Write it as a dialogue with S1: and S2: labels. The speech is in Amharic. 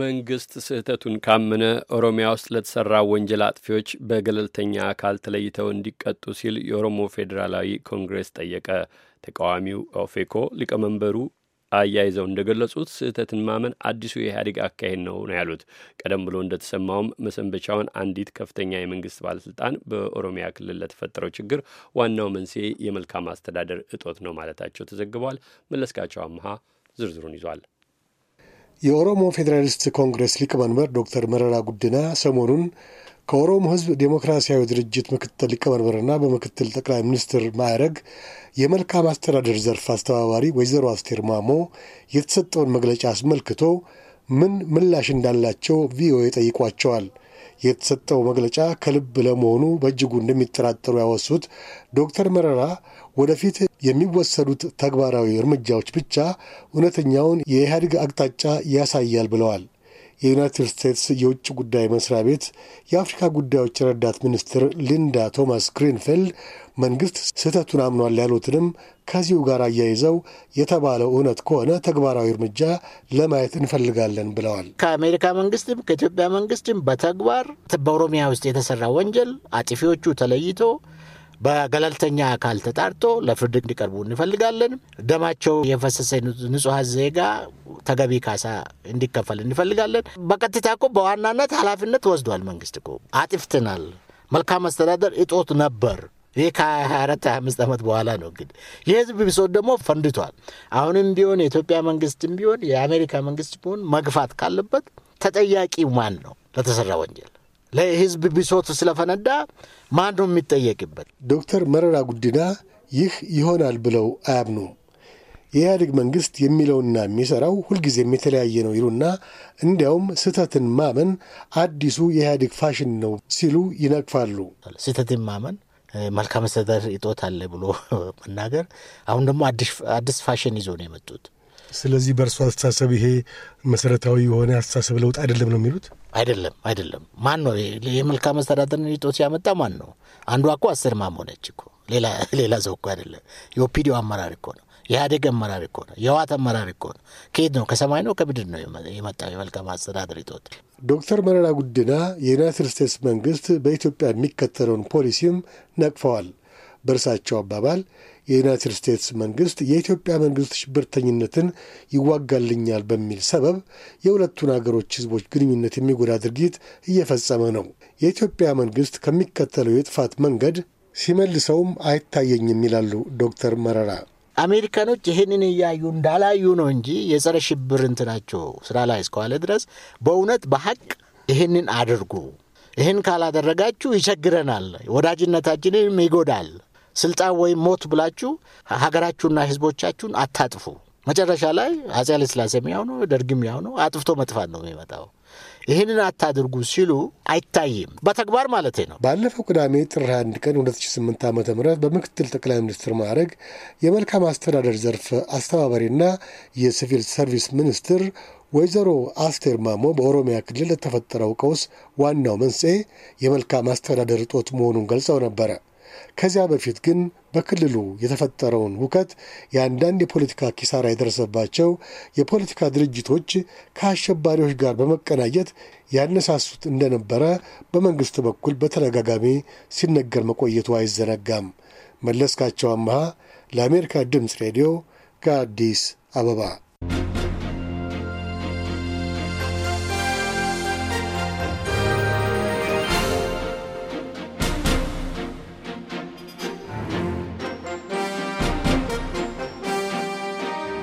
S1: መንግስት ስህተቱን ካመነ ኦሮሚያ ውስጥ ለተሰራ ወንጀል አጥፊዎች በገለልተኛ አካል ተለይተው እንዲቀጡ ሲል የኦሮሞ ፌዴራላዊ ኮንግሬስ ጠየቀ። ተቃዋሚው ኦፌኮ ሊቀመንበሩ አያይዘው እንደገለጹት ስህተትን ማመን አዲሱ የኢህአዴግ አካሄድ ነው ነው ያሉት። ቀደም ብሎ እንደተሰማውም መሰንበቻውን አንዲት ከፍተኛ የመንግስት ባለስልጣን በኦሮሚያ ክልል ለተፈጠረው ችግር ዋናው መንስኤ የመልካም አስተዳደር እጦት ነው ማለታቸው ተዘግቧል። መለስካቸው አምሃ ዝርዝሩን ይዟል።
S2: የኦሮሞ ፌዴራሊስት ኮንግረስ ሊቀመንበር ዶክተር መረራ ጉድና ሰሞኑን ከኦሮሞ ህዝብ ዴሞክራሲያዊ ድርጅት ምክትል ሊቀመንበርና በምክትል ጠቅላይ ሚኒስትር ማዕረግ የመልካም አስተዳደር ዘርፍ አስተባባሪ ወይዘሮ አስቴር ማሞ የተሰጠውን መግለጫ አስመልክቶ ምን ምላሽ እንዳላቸው ቪኦኤ ጠይቋቸዋል። የተሰጠው መግለጫ ከልብ ለመሆኑ በእጅጉ እንደሚጠራጠሩ ያወሱት ዶክተር መረራ ወደፊት የሚወሰዱት ተግባራዊ እርምጃዎች ብቻ እውነተኛውን የኢህአዴግ አቅጣጫ ያሳያል ብለዋል። የዩናይትድ ስቴትስ የውጭ ጉዳይ መስሪያ ቤት የአፍሪካ ጉዳዮች ረዳት ሚኒስትር ሊንዳ ቶማስ ግሪንፌልድ መንግስት ስህተቱን አምኗል ያሉትንም ከዚሁ ጋር አያይዘው የተባለው እውነት ከሆነ ተግባራዊ እርምጃ ለማየት እንፈልጋለን ብለዋል።
S3: ከአሜሪካ መንግስትም ከኢትዮጵያ መንግስትም በተግባር በኦሮሚያ ውስጥ የተሰራ ወንጀል አጥፊዎቹ ተለይቶ በገለልተኛ አካል ተጣርቶ ለፍርድ እንዲቀርቡ እንፈልጋለን። ደማቸው የፈሰሰ ንጹሐ ዜጋ ተገቢ ካሳ እንዲከፈል እንፈልጋለን። በቀጥታ እኮ በዋናነት ኃላፊነት ወስዷል። መንግስት እኮ አጥፍተናል፣ መልካም አስተዳደር እጦት ነበር። ይህ ከ24 25 ዓመት በኋላ ነው። እንግዲህ የህዝብ ብሶት ደግሞ ፈንድቷል። አሁንም ቢሆን የኢትዮጵያ መንግስትም ቢሆን የአሜሪካ መንግስት ቢሆን መግፋት ካለበት ተጠያቂ ማን ነው ለተሰራ ወንጀል? ለህዝብ ብሶት ስለፈነዳ
S2: ማን ነው የሚጠየቅበት? ዶክተር መረራ ጉዲና ይህ ይሆናል ብለው አያምኑም። የኢህአዴግ መንግስት የሚለውና የሚሰራው ሁልጊዜም የተለያየ ነው ይሉና እንዲያውም ስህተትን ማመን አዲሱ የኢህአዴግ ፋሽን ነው ሲሉ ይነቅፋሉ። ስህተትን ማመን መልካም አስተዳደር እጦት አለ ብሎ መናገር አሁን ደግሞ
S3: አዲስ ፋሽን ይዞ ነው የመጡት።
S2: ስለዚህ በእርሱ አስተሳሰብ ይሄ መሰረታዊ የሆነ አስተሳሰብ ለውጥ አይደለም ነው የሚሉት?
S3: አይደለም አይደለም። ማን ነው የመልካም መስተዳደር እጦት ሲያመጣ ማን ነው? አንዷ እኮ አስር ማም ሆነች እኮ ሌላ ሰው እኮ አይደለም። የኦፒዲዮ አመራር እኮ ነው። የኢህአዴግ አመራር እኮ ነው። የህወሓት አመራር እኮ ነው። ከየት ነው? ከሰማይ ነው? ከምድር ነው የመጣው የመልካም አስተዳደር እጦት?
S2: ዶክተር መረራ ጉዲና የዩናይትድ ስቴትስ መንግስት በኢትዮጵያ የሚከተለውን ፖሊሲም ነቅፈዋል። በእርሳቸው አባባል የዩናይትድ ስቴትስ መንግስት የኢትዮጵያ መንግስት ሽብርተኝነትን ይዋጋልኛል በሚል ሰበብ የሁለቱን አገሮች ህዝቦች ግንኙነት የሚጎዳ ድርጊት እየፈጸመ ነው። የኢትዮጵያ መንግስት ከሚከተለው የጥፋት መንገድ ሲመልሰውም አይታየኝም ይላሉ ዶክተር መረራ።
S3: አሜሪካኖች ይህንን እያዩ እንዳላዩ ነው እንጂ የጸረ ሽብር እንትናቸው ስራ ላይ እስከዋለ ድረስ በእውነት በሀቅ ይህንን አድርጉ፣ ይህን ካላደረጋችሁ ይቸግረናል፣ ወዳጅነታችንም ይጎዳል ስልጣን ወይም ሞት ብላችሁ ሀገራችሁና ህዝቦቻችሁን አታጥፉ። መጨረሻ ላይ አጼ ኃይለ ሥላሴ ያው ነው፣ ደርግም ያው ነው። አጥፍቶ መጥፋት ነው የሚመጣው። ይህንን አታድርጉ ሲሉ አይታይም፣ በተግባር ማለት ነው።
S2: ባለፈው ቅዳሜ ጥር 1 ቀን 2008 ዓ ም በምክትል ጠቅላይ ሚኒስትር ማዕረግ የመልካም አስተዳደር ዘርፍ አስተባባሪና የሲቪል ሰርቪስ ሚኒስትር ወይዘሮ አስቴር ማሞ በኦሮሚያ ክልል ለተፈጠረው ቀውስ ዋናው መንስኤ የመልካም አስተዳደር እጦት መሆኑን ገልጸው ነበረ። ከዚያ በፊት ግን በክልሉ የተፈጠረውን ሁከት የአንዳንድ የፖለቲካ ኪሳራ የደረሰባቸው የፖለቲካ ድርጅቶች ከአሸባሪዎች ጋር በመቀናጀት ያነሳሱት እንደነበረ በመንግስት በኩል በተደጋጋሚ ሲነገር መቆየቱ አይዘነጋም። መለስካቸው አመሃ ለአሜሪካ ድምፅ ሬዲዮ ከአዲስ አበባ